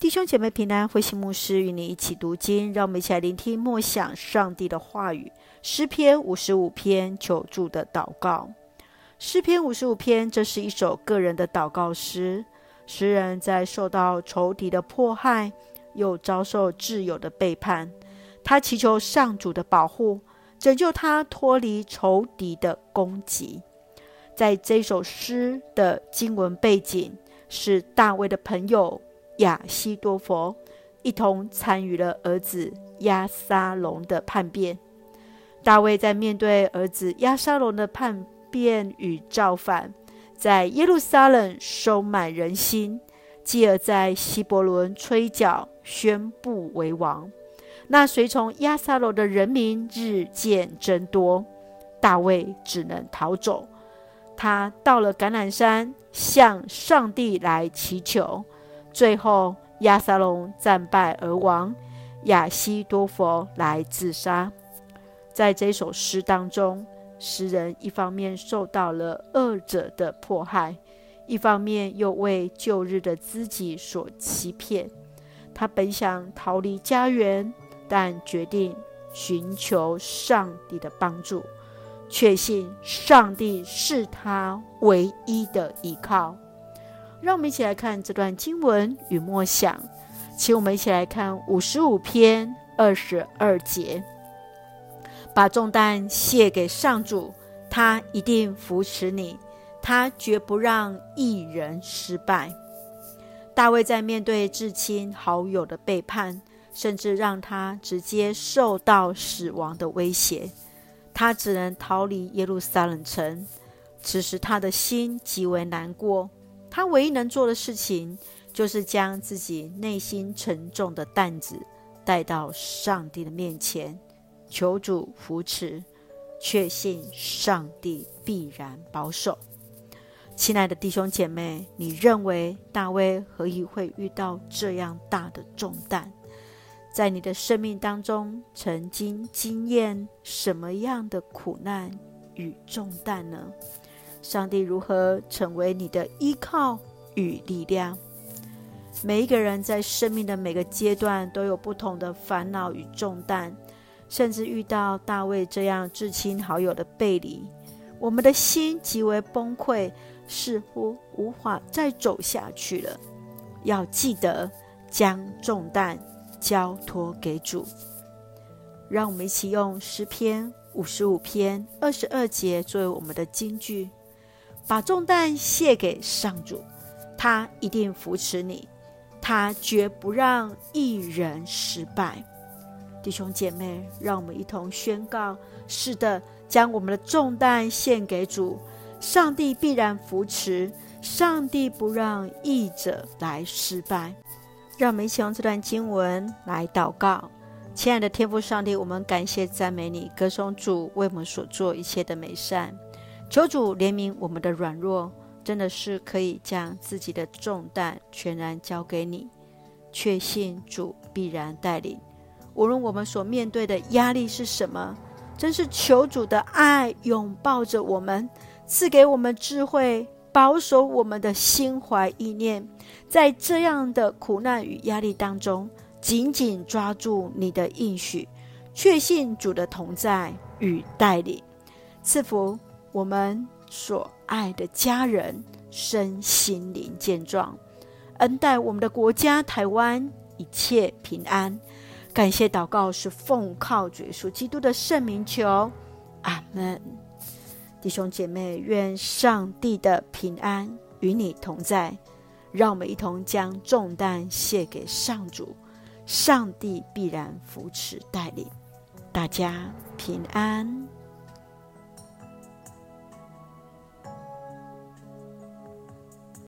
弟兄姐妹平安，慧馨牧師與你一起讀經，讓我們一起來聆聽默想上帝的話語。詩篇五十五篇，求助的禱告。詩篇五十五篇，這是一首個人的禱告詩。詩人在受到仇敵的迫害，又遭受摯友的背叛，他祈求上主的保護，拯救他脫離仇敵的攻擊。在這首詩的經文背景是大衛的朋友。亞希多弗一同參與了兒子押沙龍的叛變。大衛在面對兒子押沙龍的叛變與造反，在耶路撒冷收買人心，繼而在希伯崙吹角宣布為王。那隨從押沙龍的人民日漸增多，大衛只能逃走。他到了橄欖山，向上帝來祈求。最後，押沙龍戰敗而亡，亞希多弗來自殺。在這首詩當中，詩人一方面受到了惡者的迫害，一方面又為舊日的知己所欺騙。他本想逃離家園，但決定尋求上帝的幫助，確信上帝是他唯一的依靠。讓我們一起來看這段經文與默想，請我們一起來看五十五篇二十二節。把重擔卸給上主，他一定扶持你，他絕不讓義人失敗。大衛在面對至親好友的背叛，甚至讓他直接受到死亡的威脅，他只能逃離耶路撒冷城。此時，他的心極為難過。他唯一能做的事情，就是將自己內心沉重的擔子帶到上帝的面前，求主扶持，確信上帝必然保守。親愛的弟兄姐妹，你認為大衛何以會遇到這樣大的重擔？在你的生命當中，曾經經驗什麼樣的苦難與重擔呢？上帝如何成為你的依靠與力量？每一個人在生命的每個階段都有不同的煩惱與重擔，甚至遇到大衛這樣至親好友的背離，我們的心極為崩潰，似乎無法再走下去了。要記得將重擔交托給主。讓我們一起用詩篇五十五篇二十二節作為我們的金句。把重擔卸給上主，他一定扶持你，他絕不讓義人失敗。弟兄姐妹，讓我們一同宣告：是的，將我們的重擔獻給主，上帝必然扶持，上帝不讓義者來失敗。讓我們一起用這段經文來禱告。親愛的天父上帝，我們感謝讚美你，歌頌主為我們所做一切的美善。求主憐憫我們的軟弱，真的是可以將自己的重擔全然交給你，確信主必然帶領。無論我們所面對的壓力是什麼，真是求主的愛擁抱着我們，賜給我們智慧，保守我們的心懷意念，在這樣的苦難與壓力當中，緊緊抓住你的應許，確信主的同在與帶領。賜福。我們所愛的家人身心靈健壯，恩待我們的國家台灣一切平安。感謝禱告是奉靠主耶穌基督的聖名求，阿門。弟兄姐妹，願上帝的平安與你同在。讓我們一同將重擔卸給上主，上帝必然扶持帶領。大家平安。